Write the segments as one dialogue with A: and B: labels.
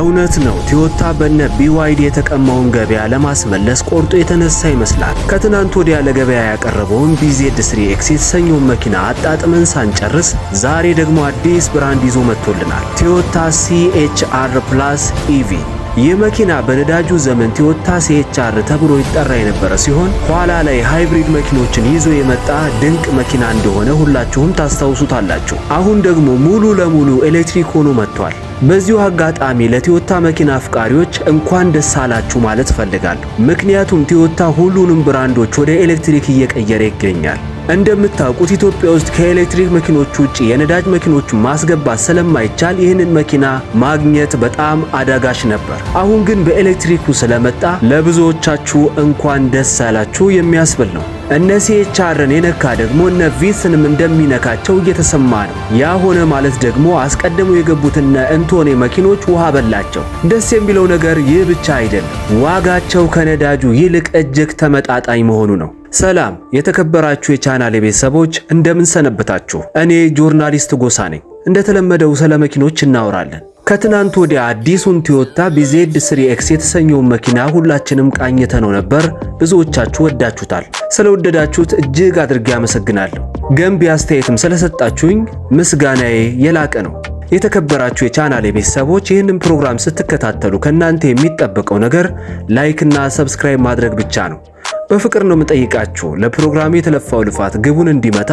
A: እውነት ነው። ቶዮታ በነ ቢዋይዲ የተቀማውን ገበያ ለማስመለስ ቆርጦ የተነሳ ይመስላል። ከትናንት ወዲያ ለገበያ ያቀረበውን ቢዜድ ስሪ ኤክስ የተሰኘውን መኪና አጣጥመን ሳንጨርስ ዛሬ ደግሞ አዲስ ብራንድ ይዞ መጥቶልናል። ቶዮታ ሲኤችአር ፕላስ ኢቪ ይህ መኪና በነዳጁ ዘመን ቶዮታ ሲኤችአር ተብሎ ይጠራ የነበረ ሲሆን ኋላ ላይ ሃይብሪድ መኪኖችን ይዞ የመጣ ድንቅ መኪና እንደሆነ ሁላችሁም ታስታውሱታላችሁ። አሁን ደግሞ ሙሉ ለሙሉ ኤሌክትሪክ ሆኖ መጥቷል። በዚሁ አጋጣሚ ለቶዮታ መኪና አፍቃሪዎች እንኳን ደስ አላችሁ ማለት እፈልጋለሁ። ምክንያቱም ቶዮታ ሁሉንም ብራንዶች ወደ ኤሌክትሪክ እየቀየረ ይገኛል። እንደምታውቁት ኢትዮጵያ ውስጥ ከኤሌክትሪክ መኪኖች ውጪ የነዳጅ መኪኖች ማስገባት ስለማይቻል ይህንን መኪና ማግኘት በጣም አዳጋች ነበር። አሁን ግን በኤሌክትሪኩ ስለመጣ ለብዙዎቻችሁ እንኳን ደስ አላችሁ የሚያስብል ነው። እነ ሲኤችአርን የነካ ደግሞ እነ ቪስንም እንደሚነካቸው እየተሰማ ነው። ያ ሆነ ማለት ደግሞ አስቀድመው የገቡት እነ እንቶኔ መኪኖች ውሃ በላቸው። ደስ የሚለው ነገር ይህ ብቻ አይደለም፣ ዋጋቸው ከነዳጁ ይልቅ እጅግ ተመጣጣኝ መሆኑ ነው። ሰላም የተከበራችሁ የቻናል ቤተሰቦች እንደምን ሰነበታችሁ? እኔ ጆርናሊስት ጎሳ ነኝ። እንደተለመደው ስለ መኪኖች እናወራለን። ከትናንት ወዲያ አዲሱን ቲዮታ ቢዜድ ስሪ ኤክስ የተሰኘውን መኪና ሁላችንም ቃኝተ ነው ነበር። ብዙዎቻችሁ ወዳችሁታል። ስለወደዳችሁት እጅግ አድርጌ አመሰግናለሁ። ገንቢ አስተያየትም ስለሰጣችሁኝ ምስጋናዬ የላቀ ነው። የተከበራችሁ የቻናሌ ቤተሰቦች ይህንን ፕሮግራም ስትከታተሉ ከእናንተ የሚጠበቀው ነገር ላይክና ሰብስክራይብ ማድረግ ብቻ ነው። በፍቅር ነው የምጠይቃችሁ። ለፕሮግራሙ የተለፋው ልፋት ግቡን እንዲመታ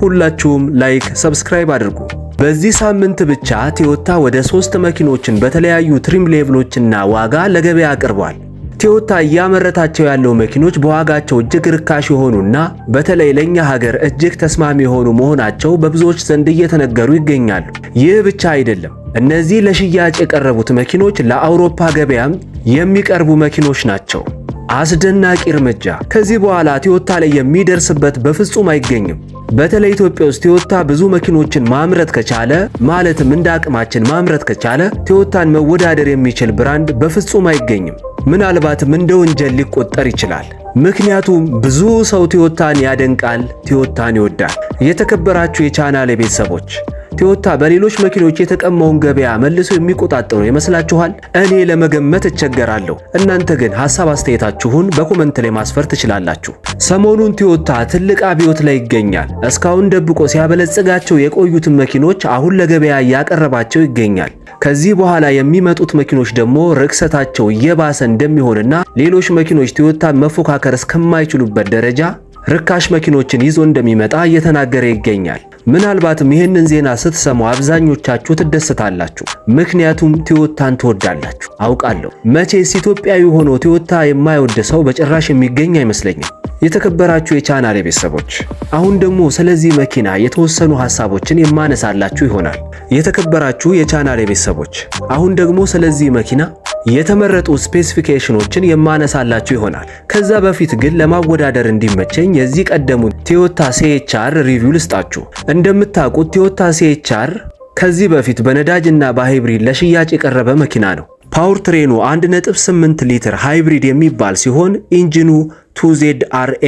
A: ሁላችሁም ላይክ፣ ሰብስክራይብ አድርጉ። በዚህ ሳምንት ብቻ ቶዮታ ወደ ሶስት መኪኖችን በተለያዩ ትሪም ሌቭሎችና ዋጋ ለገበያ አቅርቧል። ቶዮታ እያመረታቸው ያለው መኪኖች በዋጋቸው እጅግ ርካሽ የሆኑና በተለይ ለኛ ሀገር እጅግ ተስማሚ የሆኑ መሆናቸው በብዙዎች ዘንድ እየተነገሩ ይገኛሉ። ይህ ብቻ አይደለም። እነዚህ ለሽያጭ የቀረቡት መኪኖች ለአውሮፓ ገበያም የሚቀርቡ መኪኖች ናቸው። አስደናቂ እርምጃ። ከዚህ በኋላ ቶዮታ ላይ የሚደርስበት በፍጹም አይገኝም። በተለይ ኢትዮጵያ ውስጥ ቶዮታ ብዙ መኪኖችን ማምረት ከቻለ ማለትም እንደ አቅማችን ማምረት ከቻለ ቶዮታን መወዳደር የሚችል ብራንድ በፍጹም አይገኝም። ምናልባትም እንደ ወንጀል ሊቆጠር ይችላል። ምክንያቱም ብዙ ሰው ቲዮታን ያደንቃል፣ ቶዮታን ይወዳል። የተከበራችሁ የቻናሌ ቤተሰቦች ቶዮታ በሌሎች መኪኖች የተቀማውን ገበያ መልሶ የሚቆጣጠሩ ይመስላችኋል? እኔ ለመገመት እቸገራለሁ። እናንተ ግን ሀሳብ አስተያየታችሁን በኮመንት ላይ ማስፈር ትችላላችሁ። ሰሞኑን ቶዮታ ትልቅ አብዮት ላይ ይገኛል። እስካሁን ደብቆ ሲያበለጽጋቸው የቆዩትን መኪኖች አሁን ለገበያ እያቀረባቸው ይገኛል። ከዚህ በኋላ የሚመጡት መኪኖች ደግሞ ርክሰታቸው እየባሰ እንደሚሆንና ሌሎች መኪኖች ቶዮታን መፎካከር እስከማይችሉበት ደረጃ ርካሽ መኪኖችን ይዞ እንደሚመጣ እየተናገረ ይገኛል። ምናልባትም ይህንን ዜና ስትሰሙ አብዛኞቻችሁ ትደሰታላችሁ። ምክንያቱም ቶዮታን ትወዳላችሁ አውቃለሁ። መቼስ ኢትዮጵያዊ ሆኖ ቶዮታ የማይወድ ሰው በጭራሽ የሚገኝ አይመስለኝም። የተከበራችሁ የቻና ቤተሰቦች አሁን ደግሞ ስለዚህ መኪና የተወሰኑ ሀሳቦችን የማነሳላችሁ ይሆናል። የተከበራችሁ የቻና ቤተሰቦች አሁን ደግሞ ስለዚህ መኪና የተመረጡ ስፔሲፊኬሽኖችን የማነሳላችሁ ይሆናል። ከዛ በፊት ግን ለማወዳደር እንዲመቸኝ የዚህ ቀደሙ ቶዮታ ሲኤችአር ሪቪው ልስጣችሁ። እንደምታውቁት ቶዮታ ሲኤችአር ከዚህ በፊት በነዳጅ እና በሃይብሪድ ለሽያጭ የቀረበ መኪና ነው። ፓወር ትሬኑ 1.8 ሊትር ሃይብሪድ የሚባል ሲሆን ኢንጂኑ 2ዜድ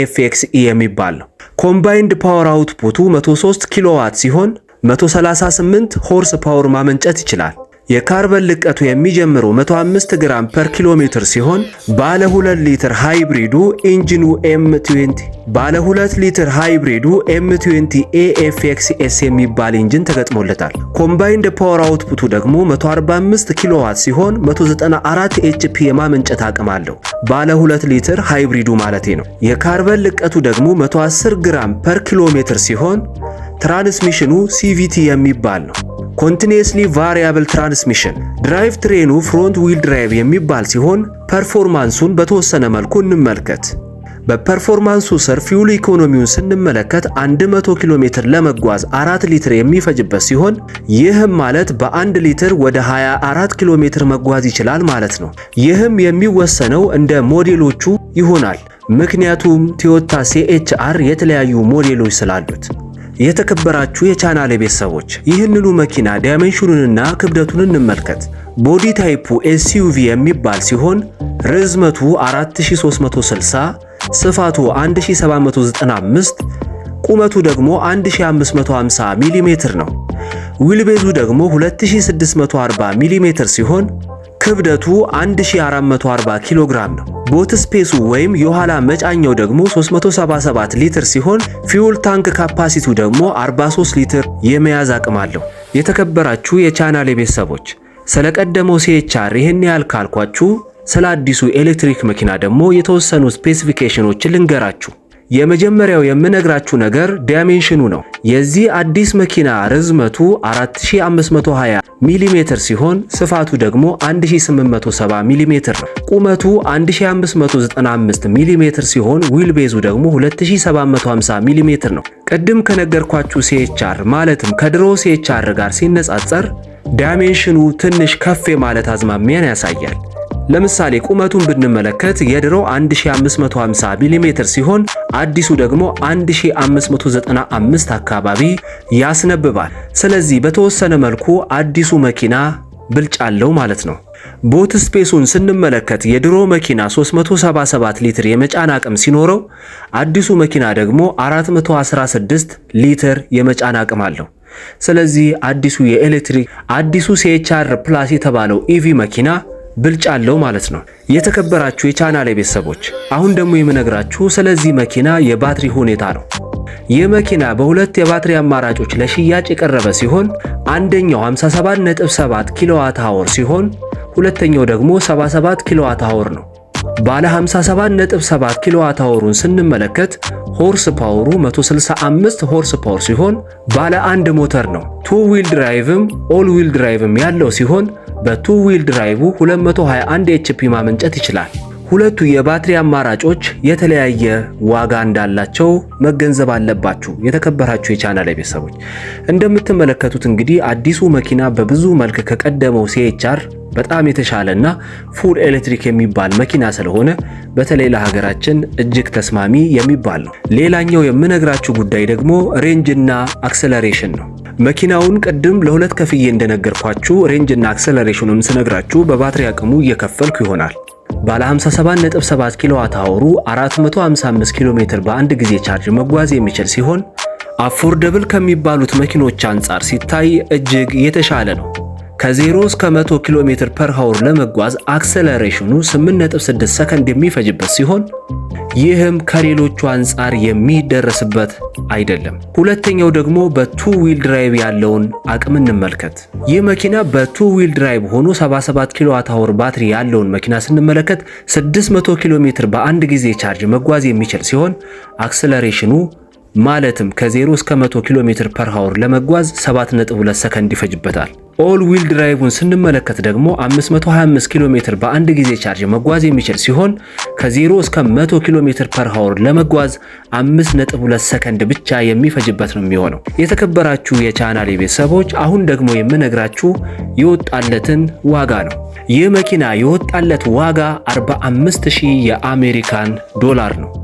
A: e የሚባል ነው። ኮምባይንድ ፓወር አውትፑቱ 103 ኪሎዋት ሲሆን 138 ሆርስ ፓወር ማመንጨት ይችላል። የካርበን ልቀቱ የሚጀምረው 105 ግራም ፐር ኪሎ ሜትር ሲሆን ባለ 2 ሊትር ሃይብሪዱ ኢንጂኑ M20 ባለ 2 ሊትር ሃይብሪዱ M20 AFXS የሚባል ኢንጂን ተገጥሞለታል። ኮምባይንድ ፓወር አውትፑቱ ደግሞ 145 ኪሎዋት ሲሆን 194 ኤችፒ የማመንጨት አቅም አለው። ባለ 2 ሊትር ሃይብሪዱ ማለት ነው። የካርበን ልቀቱ ደግሞ 110 ግራም ፐር ኪሎ ሜትር ሲሆን ትራንስሚሽኑ ሲቪቲ የሚባል ነው። ኮንቲኒየስሊ ቫሪያብል ትራንስሚሽን ድራይቭ ትሬኑ ፍሮንት ዊል ድራይቭ የሚባል ሲሆን ፐርፎርማንሱን በተወሰነ መልኩ እንመልከት። በፐርፎርማንሱ ስር ፊውል ኢኮኖሚውን ስንመለከት 100 ኪሎ ሜትር ለመጓዝ 4 ሊትር የሚፈጅበት ሲሆን ይህም ማለት በ1 ሊትር ወደ 24 ኪሎ ሜትር መጓዝ ይችላል ማለት ነው። ይህም የሚወሰነው እንደ ሞዴሎቹ ይሆናል። ምክንያቱም ቶዮታ ሲኤችአር የተለያዩ ሞዴሎች ስላሉት የተከበራችሁ የቻናሌ ቤተሰቦች ይህንኑ መኪና ዳይመንሽኑንና ክብደቱን እንመልከት። ቦዲ ታይፑ ኤስዩቪ የሚባል ሲሆን ርዝመቱ 4360፣ ስፋቱ 1795፣ ቁመቱ ደግሞ 1550 ሚሜ ነው። ዊልቤዙ ደግሞ 2640 ሚሜ ሲሆን ክብደቱ 1440 ኪሎ ግራም ነው። ቦት ስፔሱ ወይም የኋላ መጫኛው ደግሞ 377 ሊትር ሲሆን ፊውል ታንክ ካፓሲቲው ደግሞ 43 ሊትር የመያዝ አቅም አለው። የተከበራችሁ የቻናል ቤተሰቦች ስለቀደመው ሲኤችአር ይህን ያህል ካልኳችሁ ስለ አዲሱ ኤሌክትሪክ መኪና ደግሞ የተወሰኑ ስፔሲፊኬሽኖችን ልንገራችሁ። የመጀመሪያው የምነግራችሁ ነገር ዳይሜንሽኑ ነው። የዚህ አዲስ መኪና ርዝመቱ 4520 ሚሜ ሲሆን ስፋቱ ደግሞ 1870 ሚሜ ነው። ቁመቱ 1595 ሚሜ ሲሆን ዊል ቤዙ ደግሞ 2750 ሚሜ ነው። ቅድም ከነገርኳችሁ ሲኤችአር ማለትም ከድሮ ሲኤችአር ጋር ሲነጻጸር ዳይሜንሽኑ ትንሽ ከፍ የማለት አዝማሚያን ያሳያል። ለምሳሌ ቁመቱን ብንመለከት የድሮ 1550 ሚሜ ሲሆን አዲሱ ደግሞ 1595 አካባቢ ያስነብባል። ስለዚህ በተወሰነ መልኩ አዲሱ መኪና ብልጫ አለው ማለት ነው። ቦት ስፔሱን ስንመለከት የድሮ መኪና 377 ሊትር የመጫን አቅም ሲኖረው አዲሱ መኪና ደግሞ 416 ሊትር የመጫን አቅም አለው። ስለዚህ አዲሱ የኤሌክትሪክ አዲሱ ሲኤችአር ፕላስ የተባለው ኢቪ መኪና ብልጫ አለው ማለት ነው። የተከበራችሁ የቻናሌ ቤተሰቦች አሁን ደግሞ የምነግራችሁ ስለዚህ መኪና የባትሪ ሁኔታ ነው። ይህ መኪና በሁለት የባትሪ አማራጮች ለሽያጭ የቀረበ ሲሆን አንደኛው 57.7 ኪሎዋት አወር ሲሆን ሁለተኛው ደግሞ 77 ኪሎዋት አወር ነው። ባለ 57.7 ኪሎዋት አወሩን ስንመለከት ሆርስ ፓወሩ 165 ሆርስ ፓወር ሲሆን ባለ አንድ ሞተር ነው። ቱ ዊል ድራይቭም ኦል ዊል ድራይቭም ያለው ሲሆን በቱ ዊል ድራይቭ 221 ኤችፒ ማመንጨት ይችላል። ሁለቱ የባትሪ አማራጮች የተለያየ ዋጋ እንዳላቸው መገንዘብ አለባችሁ። የተከበራችሁ የቻናል ቤተሰቦች እንደምትመለከቱት እንግዲህ አዲሱ መኪና በብዙ መልክ ከቀደመው ሲኤችአር በጣም የተሻለና ፉል ኤሌክትሪክ የሚባል መኪና ስለሆነ በተለይ ለሀገራችን እጅግ ተስማሚ የሚባል ነው። ሌላኛው የምነግራችሁ ጉዳይ ደግሞ ሬንጅና አክሰለሬሽን ነው። መኪናውን ቅድም ለሁለት ከፍዬ እንደነገርኳችሁ ሬንጅና አክሰለሬሽኑም ስነግራችሁ በባትሪ አቅሙ እየከፈልኩ ይሆናል። ባለ 57.7 ኪሎዋት አወሩ 455 ኪሎ ሜትር በአንድ ጊዜ ቻርጅ መጓዝ የሚችል ሲሆን አፎርደብል ከሚባሉት መኪኖች አንጻር ሲታይ እጅግ የተሻለ ነው። ከ0 እስከ 100 ኪሎ ሜትር ፐር ሃውር ለመጓዝ አክሰለሬሽኑ 8.6 ሰከንድ የሚፈጅበት ሲሆን ይህም ከሌሎቹ አንጻር የሚደረስበት አይደለም። ሁለተኛው ደግሞ በቱ ዊል ድራይቭ ያለውን አቅም እንመልከት። ይህ መኪና በቱ ዊል ድራይቭ ሆኖ 77 ኪሎዋት አወር ባትሪ ያለውን መኪና ስንመለከት 600 ኪሎ ሜትር በአንድ ጊዜ ቻርጅ መጓዝ የሚችል ሲሆን አክሰለሬሽኑ ማለትም ከ0 እስከ 100 ኪሎ ሜትር ፐር ሃወር ለመጓዝ 7.2 ሰከንድ ይፈጅበታል። ኦል ዊል ድራይቭን ስንመለከት ደግሞ 525 ኪሎ ሜትር በአንድ ጊዜ ቻርጅ መጓዝ የሚችል ሲሆን ከ0 እስከ 100 ኪሎ ሜትር ፐር ሃወር ለመጓዝ 5.2 ሰከንድ ብቻ የሚፈጅበት ነው የሚሆነው። የተከበራችሁ የቻናሌ ቤተሰቦች አሁን ደግሞ የምነግራችሁ የወጣለትን ዋጋ ነው። ይህ መኪና የወጣለት ዋጋ 45000 የአሜሪካን ዶላር ነው።